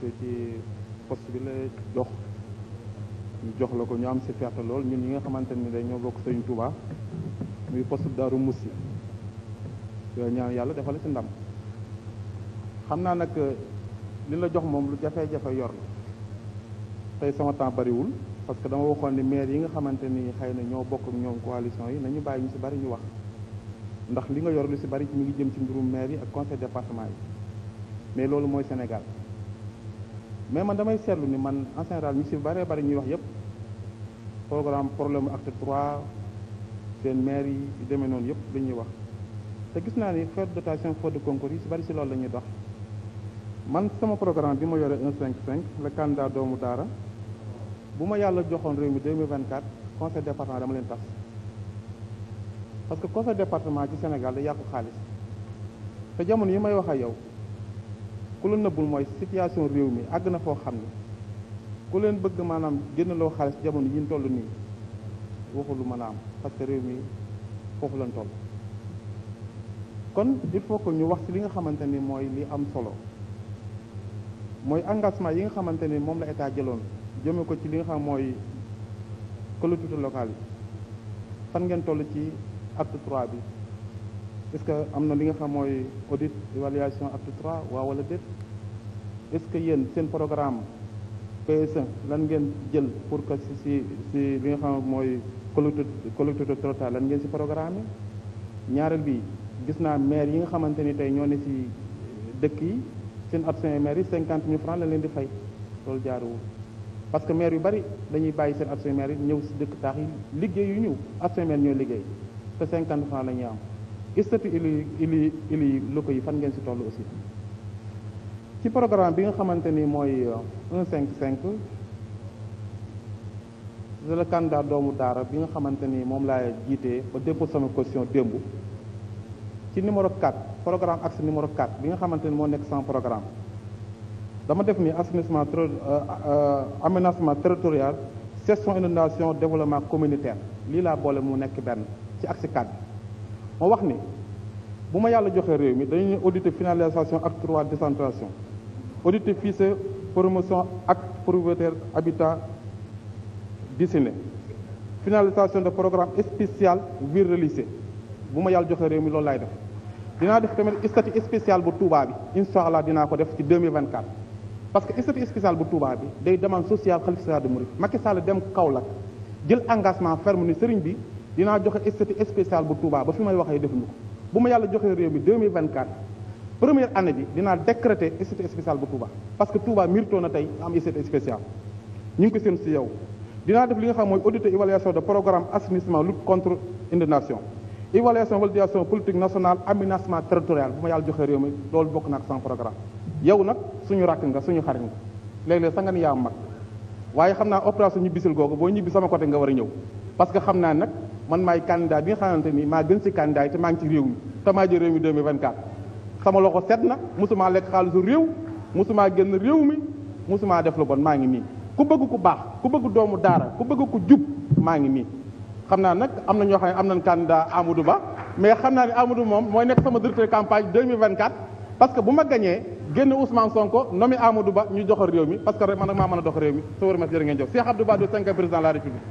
ci post bi la jox ñu jox la ko ñu am si ferte lool ñun ñi nga xamante ni day ñoo bokk Sëriñ Touba muy poste Daaru Musi yooyu ñaan yàlla defal ci ndam xam naa nag li la jox moom lu jafe-jafe yor la tey sama temps bariwul parce que dama waxoon ni maire yi nga xamante ni xëy na ñoo bokk ak ñoom coalition yi nañu bàyyi ñu si bari ñu wax ndax li nga yor lu si bari mu ngi jëm ci mbirum maire yi ak conseil département yi mais loolu mooy Sénégal mais man damay seetlu ni man en général ñu si bëree bëri ñuy wax yëpp programme problème acte 3 seen maire yi yu demee noonu yëpp dañuy wax te gis naa ni faute de dotation faute de concours yi si bëri si lool lañuy dox man sama programme bi ma yore cinq le candidat doomu daara bu ma yàlla joxoon réew mi 2024 conseil département dama leen tas parce que conseil département ci Sénégal da yàqu xaalis te jamono yi may wax ak yow ku la nëbbul mooy situation réew mi àgg na foo xam ne ku leen bëgg maanaam génnaloo xaalis jamono yi ñu toll nii waxul lu mën a am parce que réew mi foofu lañ toll. kon il faut que ñu wax ci li nga xamante ni mooy li am solo mooy engagement yi nga xamante ni moom la état jëloon jëme ko ci li nga xam mooy collectivité locale yi fan ngeen toll ci acte 3 bi. est-ce que am na li nga xam mooy audit évaluation acte 3 waaw wala déet est-ce que yéen seen programme ps e lan ngeen jël pour que si si si li nga xam mooy collecte collecte total lan ngeen si programme yi ñaareel bi gis naa maire yi nga xamante ni tey ñoo ne si dëkk yi seen absent maire yi cinquante mille francs la leen di fay loolu jaaruwul parce que maire yu bari dañuy bàyyi seen absent maire yi ñëw si dëkk taax yi liggéey yu ñëw absent maire ñoo liggéey te cinquante la ñuy am statut élu élu élu yi yi fan ngeen si toll aussi ci programme bi nga xamante ni mooy euh, cinq cinq la candidat doomu daara bi nga xamante ni moom laa jiite ba déposé sama caution démb ci numéro 4 programme axe numéro 4 bi nga xamante ni moo nekk sans programme dama def ni assainissement euh, euh, aménagement territorial gestion inondation développement communautaire lii laa boole mu nekk benn ci axe 4 moo wax ni bu ma yàlla joxe réew mi dañu ne audité finalisation acte trois décentration audité fichier promotion acte prioritaire habitat décennie finalisation de programme spécial ville relicée bu ma yàlla joxe réew mi loolu laay def dinaa def tamit statut spécial bu Touba bi incha dinaa ko def ci 2024 parce que statut spécial bu Touba bi day demande sociale xalifa de Mouride Macky Sall dem Kaolack jël engagement ferme ni sëriñ bi dinaa joxe statut spécial bu Touba ba fi may waxee defuñu ko bu ma yàlla joxee réew mi 2024 première année bi dinaa décréter statut spécial bu Touba parce que Touba miirtoo na tey am statut spécial ñu ngi ko seen si yow dinaa def li nga xam mooy audit évaluation de programme assainissement lutte contre inondation évaluation validation politique nationale aménagement territorial bu ma yàlla joxe réew mi loolu bokk na ak sama programme yow nag suñu rakk nga suñu xarit nga léeg-léeg sa nga ni yaa mag waaye xam naa opération ñibbisil boo ñibbi sama côté nga war a ñëw man maay candidat bi nga xamante ni maa gën si candidat yi te maa ngi ci réew mi te maa jël réew mi 2024 set na mosumaa lekk xaalisu réew mosumaa génn réew mi mosumaa def lu bon maa ngi nii ku bëgg ku baax ku bëgg doomu daara ku bëgg ku jub maa ngi nii xam naa nag am na ñoo xam ne am nañ candidat Amadou Ba mais xam naa ne Amadou moom mooy nekk sama directeur campagne 2024 bu ma gañee génn Ousmane Sonko nomi Amadou Ba ñu doxal réew mi parce que nag maa mën a dox réew mi soo remercié ngeen jox Cheikh Abdou Bara Doye cinquième président la